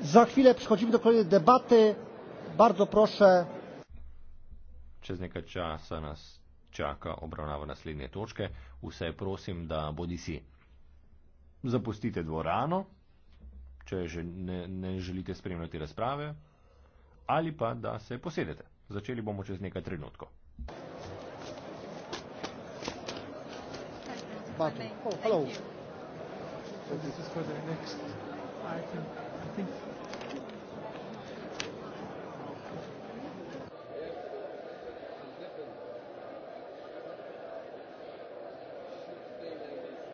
za chwilę przechodzimy do kolejnej debaty. Bardzo proszę. Przez niekaj czasu nas czeka obrona w następnej toczce. Wszystko prosim, da bodisi zapustite dworano, če že ne, ne želite spremljati razprave, ali pa da se posedete. Začeli bomo čez nekaj trenutkov. Button. Oh, hello. So this is for the next.